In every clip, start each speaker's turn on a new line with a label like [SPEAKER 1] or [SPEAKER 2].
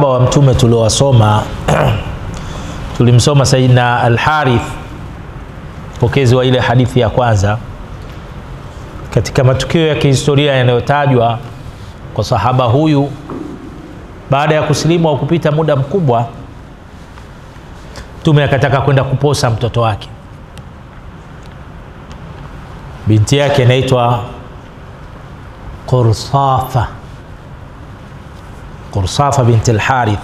[SPEAKER 1] Sahaba wa Mtume tuliowasoma tulimsoma Saidina Alharith, mpokezi wa ile hadithi ya kwanza, katika matukio ya kihistoria yanayotajwa kwa sahaba huyu. Baada ya kusilimu au kupita muda mkubwa, Mtume akataka kwenda kuposa mtoto wake, binti yake anaitwa kursafa Qursafa binti al-Harith.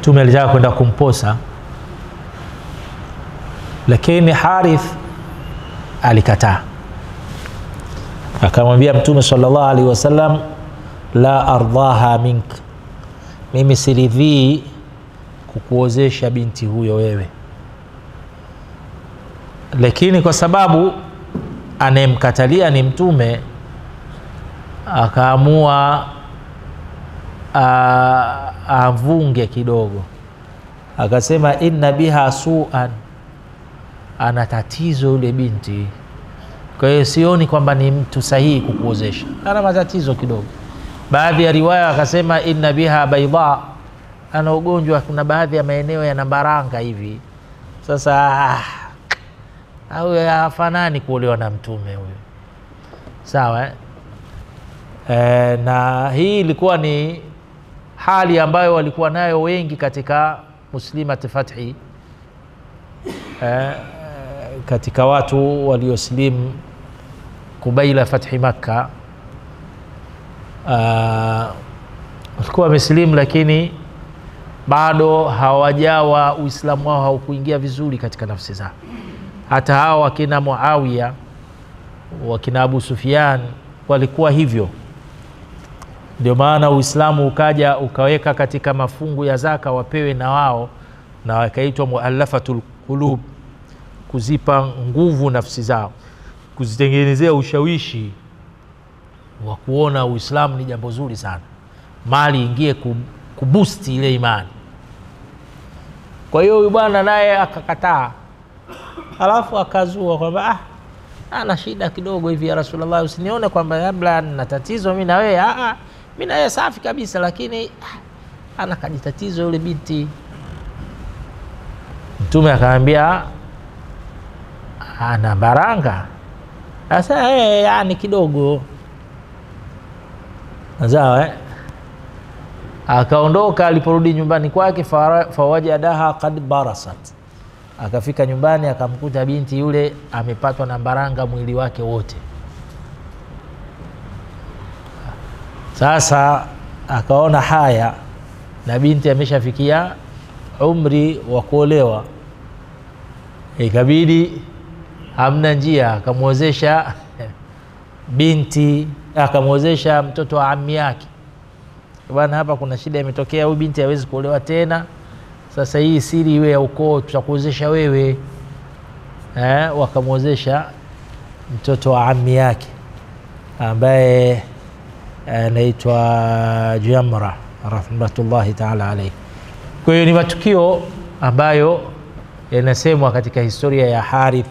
[SPEAKER 1] Mtume alitaka kwenda kumposa, lakini Harith alikataa, akamwambia Mtume sallallahu alaihi wasallam, la ardhaha mink, mimi siridhii kukuozesha binti huyo wewe. Lakini kwa sababu anayemkatalia ni Mtume, akaamua avunge kidogo, akasema inna biha suan, ana tatizo yule binti. Kwa hiyo sioni kwamba ni mtu sahihi kukuozesha, ana matatizo kidogo. Baadhi ya riwaya akasema inna biha baidha, ana ugonjwa, kuna baadhi ya maeneo yana baranga hivi. Sasa ah, au hafanani kuolewa na mtume huyu, sawa eh? E, na hii ilikuwa ni hali ambayo walikuwa nayo wengi katika muslimat fathi eh, katika watu walioslimu kubaila fathi makka eh, walikuwa uh, wamesilimu lakini bado hawajawa uislamu wao haukuingia vizuri katika nafsi zao hata hawa wakina muawia wakina abu sufian walikuwa hivyo ndio maana uislamu ukaja ukaweka katika mafungu ya zaka wapewe na wao na wakaitwa mualafatul qulub kuzipa nguvu nafsi zao kuzitengenezea ushawishi wa kuona uislamu ni jambo zuri sana mali ingie kubusti ile imani kwa hiyo huyu bwana naye akakataa alafu akazua kwamba ah, ana shida kidogo hivi ya rasulllah usinione kwamba labda na tatizo mi ah, ah mi naye safi kabisa, lakini ah, ana kajitatizo yule binti. Mtume akaambia ana baranga. Sasa hey, eh, yani kidogo sawa eh? Akaondoka, aliporudi nyumbani kwake, fawajadaha kad barasat, akafika nyumbani akamkuta binti yule amepatwa na baranga mwili wake wote. sasa akaona haya na binti ameshafikia umri wa kuolewa ikabidi hamna njia akamwozesha binti akamwozesha mtoto wa ami yake bana hapa kuna shida imetokea huyu binti awezi kuolewa tena sasa hii siri iwe ya ukoo tutakuozesha wewe eh, wakamwozesha mtoto wa ami yake ambaye anaitwa eh, Jamra rahmatullahi taala alaihi. Kwa hiyo ni matukio ambayo yanasemwa katika historia ya Harith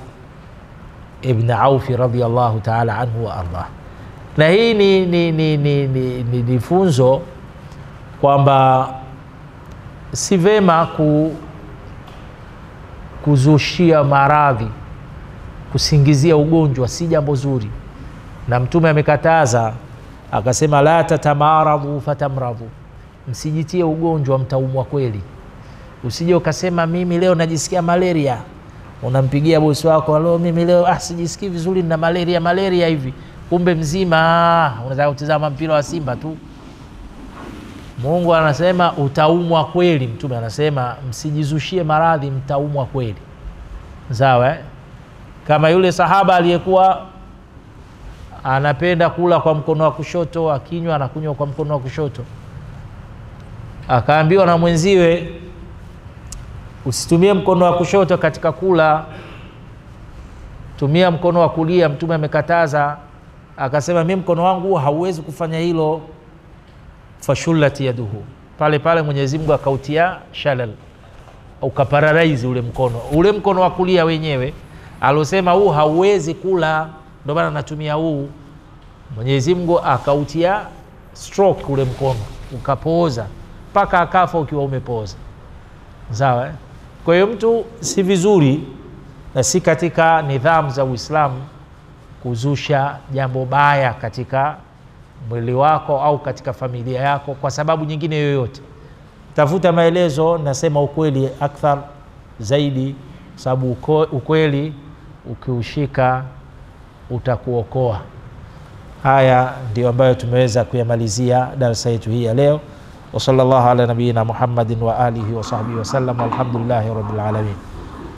[SPEAKER 1] ibn Aufi radhiallahu taala anhu wa ardah, na hii ni, ni, ni, ni, ni, ni, ni funzo kwamba si vema ku, kuzushia maradhi, kusingizia ugonjwa si jambo zuri, na Mtume amekataza akasema la tatamaradhu fatamradhu, msijitie ugonjwa mtaumwa kweli. Usije ukasema mimi leo najisikia malaria, unampigia bosi wako, alo, mimi leo ah, sijisikii vizuri, nina malaria malaria hivi, kumbe mzima ah, unataka kutizama mpira wa Simba tu. Mungu anasema utaumwa kweli. Mtume anasema msijizushie maradhi, mtaumwa kweli. Sawa, eh? kama yule sahaba aliyekuwa anapenda kula kwa mkono wa kushoto, akinywa anakunywa kwa mkono wa kushoto. Akaambiwa na mwenziwe, usitumie mkono wa kushoto katika kula, tumia mkono wa kulia. Mtume amekataza, akasema mi mkono wangu hauwezi kufanya hilo. Fashullat yaduhu, pale pale Mwenyezi akautia shalal, ukapararaizi ule mkono, ule mkono wa kulia wenyewe alosema huu hauwezi kula ndio maana anatumia huu mwenyezi mungu akautia stroke ule mkono ukapooza mpaka akafa ukiwa umepooza sawa eh? kwa hiyo mtu si vizuri na si katika nidhamu za uislamu kuzusha jambo baya katika mwili wako au katika familia yako kwa sababu nyingine yoyote tafuta maelezo nasema ukweli akthar zaidi sababu ukweli ukiushika utakuokoa. Haya ndio ambayo tumeweza kuyamalizia darasa yetu hii ya leo. Wa llah ala nabiina Muhammadin wa alihi wa sahbihi wasallam, walhamdulillahi rabilalamin